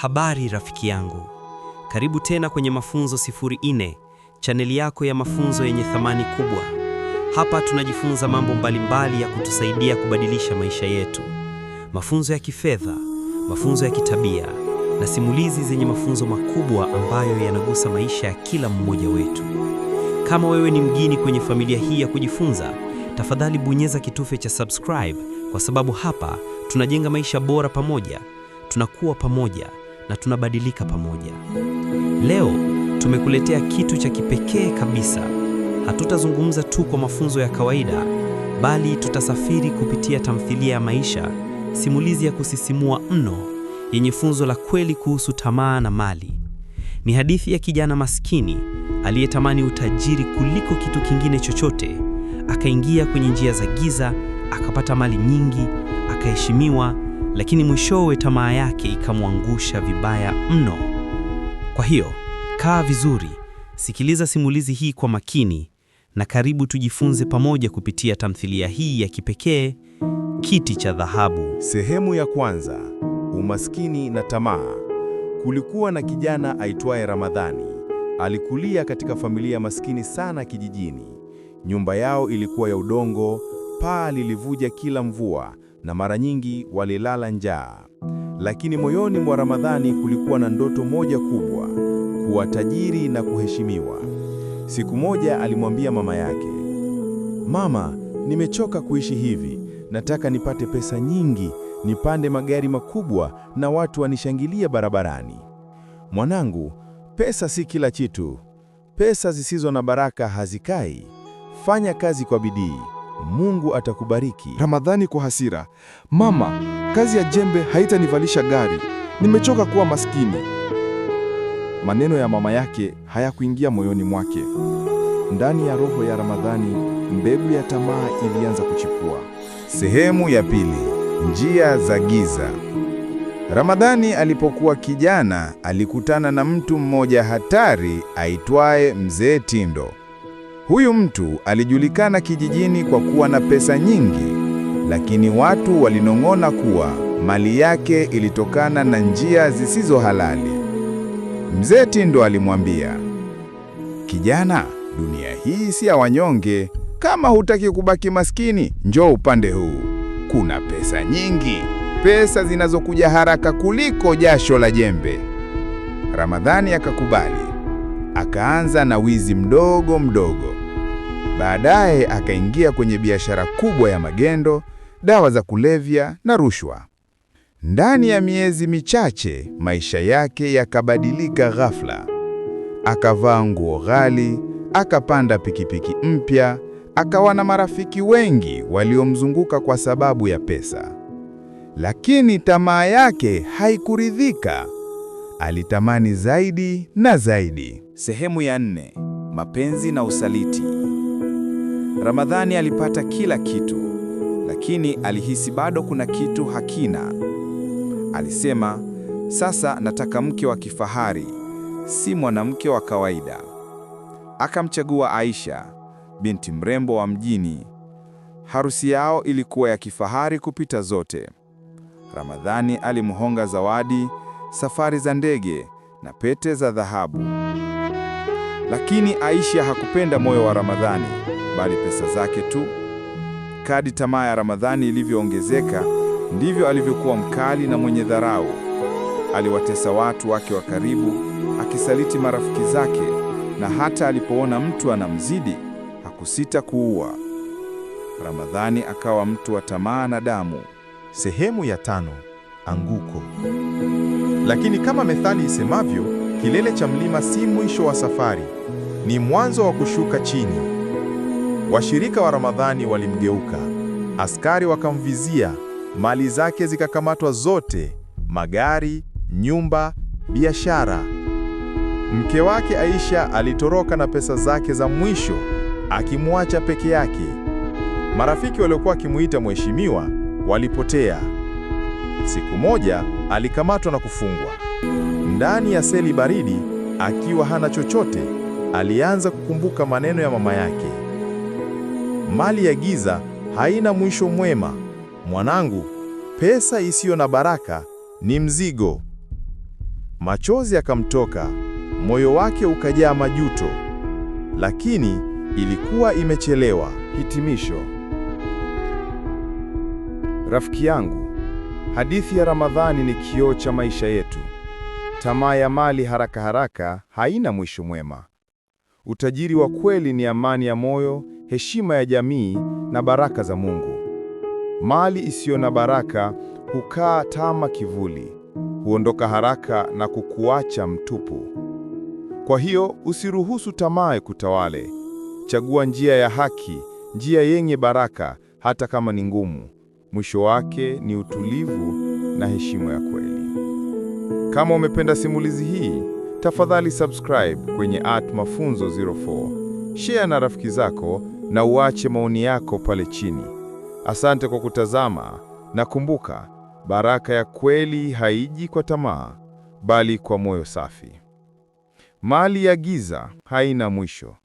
Habari rafiki yangu, karibu tena kwenye Mafunzo Sifuri Nne, chaneli yako ya mafunzo yenye thamani kubwa. Hapa tunajifunza mambo mbalimbali ya kutusaidia kubadilisha maisha yetu: mafunzo ya kifedha, mafunzo ya kitabia na simulizi zenye mafunzo makubwa ambayo yanagusa maisha ya kila mmoja wetu. Kama wewe ni mgeni kwenye familia hii ya kujifunza, tafadhali bonyeza kitufe cha subscribe, kwa sababu hapa tunajenga maisha bora pamoja, tunakuwa pamoja na tunabadilika pamoja. Leo tumekuletea kitu cha kipekee kabisa. Hatutazungumza tu kwa mafunzo ya kawaida, bali tutasafiri kupitia tamthilia ya maisha, simulizi ya kusisimua mno yenye funzo la kweli kuhusu tamaa na mali. Ni hadithi ya kijana maskini aliyetamani utajiri kuliko kitu kingine chochote, akaingia kwenye njia za giza, akapata mali nyingi, akaheshimiwa lakini mwishowe tamaa yake ikamwangusha vibaya mno. Kwa hiyo kaa vizuri, sikiliza simulizi hii kwa makini, na karibu tujifunze pamoja kupitia tamthilia hii ya kipekee, Kiti cha Dhahabu. Sehemu ya kwanza: umaskini na tamaa. Kulikuwa na kijana aitwaye Ramadhani. Alikulia katika familia maskini sana kijijini. Nyumba yao ilikuwa ya udongo, paa lilivuja kila mvua na mara nyingi walilala njaa. Lakini moyoni mwa Ramadhani kulikuwa na ndoto moja kubwa, kuwa tajiri na kuheshimiwa. Siku moja alimwambia mama yake, Mama, nimechoka kuishi hivi. Nataka nipate pesa nyingi, nipande magari makubwa na watu wanishangilie barabarani. Mwanangu, pesa si kila kitu. Pesa zisizo na baraka hazikai. Fanya kazi kwa bidii. Mungu atakubariki. Ramadhani kwa hasira: mama, kazi ya jembe haitanivalisha gari, nimechoka kuwa maskini. Maneno ya mama yake hayakuingia moyoni mwake. Ndani ya roho ya Ramadhani mbegu ya tamaa ilianza kuchipua. Sehemu ya pili: njia za giza. Ramadhani alipokuwa kijana alikutana na mtu mmoja hatari aitwaye Mzee Tindo. Huyu mtu alijulikana kijijini kwa kuwa na pesa nyingi, lakini watu walinong'ona kuwa mali yake ilitokana na njia zisizo halali. Mzee Tindo alimwambia, "Kijana, dunia hii si ya wanyonge. Kama hutaki kubaki maskini, njoo upande huu. Kuna pesa nyingi, pesa zinazokuja haraka kuliko jasho la jembe." Ramadhani akakubali. Akaanza na wizi mdogo mdogo. Baadaye akaingia kwenye biashara kubwa ya magendo, dawa za kulevya na rushwa. Ndani ya miezi michache, maisha yake yakabadilika ghafla. Akavaa nguo ghali, akapanda pikipiki mpya, akawa na marafiki wengi waliomzunguka kwa sababu ya pesa. Lakini tamaa yake haikuridhika. Alitamani zaidi na zaidi. Sehemu ya nne: mapenzi na usaliti. Ramadhani alipata kila kitu, lakini alihisi bado kuna kitu hakina. Alisema, sasa nataka mke wa kifahari, si mwanamke wa kawaida. Akamchagua Aisha, binti mrembo wa mjini. Harusi yao ilikuwa ya kifahari kupita zote. Ramadhani alimhonga zawadi, safari za ndege na pete za dhahabu. Lakini Aisha hakupenda moyo wa Ramadhani, bali pesa zake tu. Kadi tamaa ya Ramadhani ilivyoongezeka, ndivyo alivyokuwa mkali na mwenye dharau. Aliwatesa watu wake wa karibu, akisaliti marafiki zake, na hata alipoona mtu anamzidi hakusita kuua. Ramadhani akawa mtu wa tamaa na damu. Sehemu ya tano: Anguko. Lakini kama methali isemavyo Kilele cha mlima si mwisho wa safari, ni mwanzo wa kushuka chini. Washirika wa Ramadhani walimgeuka, askari wakamvizia, mali zake zikakamatwa zote, magari, nyumba, biashara. Mke wake Aisha alitoroka na pesa zake za mwisho, akimwacha peke yake. Marafiki waliokuwa wakimuita mheshimiwa walipotea. Siku moja alikamatwa na kufungwa ndani ya seli baridi, akiwa hana chochote, alianza kukumbuka maneno ya mama yake, mali ya giza haina mwisho mwema. Mwanangu, pesa isiyo na baraka ni mzigo. Machozi akamtoka moyo wake ukajaa majuto, lakini ilikuwa imechelewa. Hitimisho. Rafiki yangu, hadithi ya Ramadhani ni kioo cha maisha yetu. Tamaa ya mali haraka haraka haina mwisho mwema. Utajiri wa kweli ni amani ya moyo, heshima ya jamii na baraka za Mungu. Mali isiyo na baraka hukaa kama kivuli, huondoka haraka na kukuacha mtupu. Kwa hiyo usiruhusu tamaa kutawale. Chagua njia ya haki, njia yenye baraka, hata kama ni ngumu. Mwisho wake ni utulivu na heshima ya kweli. Kama umependa simulizi hii, tafadhali subscribe kwenye at Mafunzo 04, share na rafiki zako na uache maoni yako pale chini. Asante kwa kutazama na kumbuka, baraka ya kweli haiji kwa tamaa, bali kwa moyo safi. Mali ya giza haina mwisho.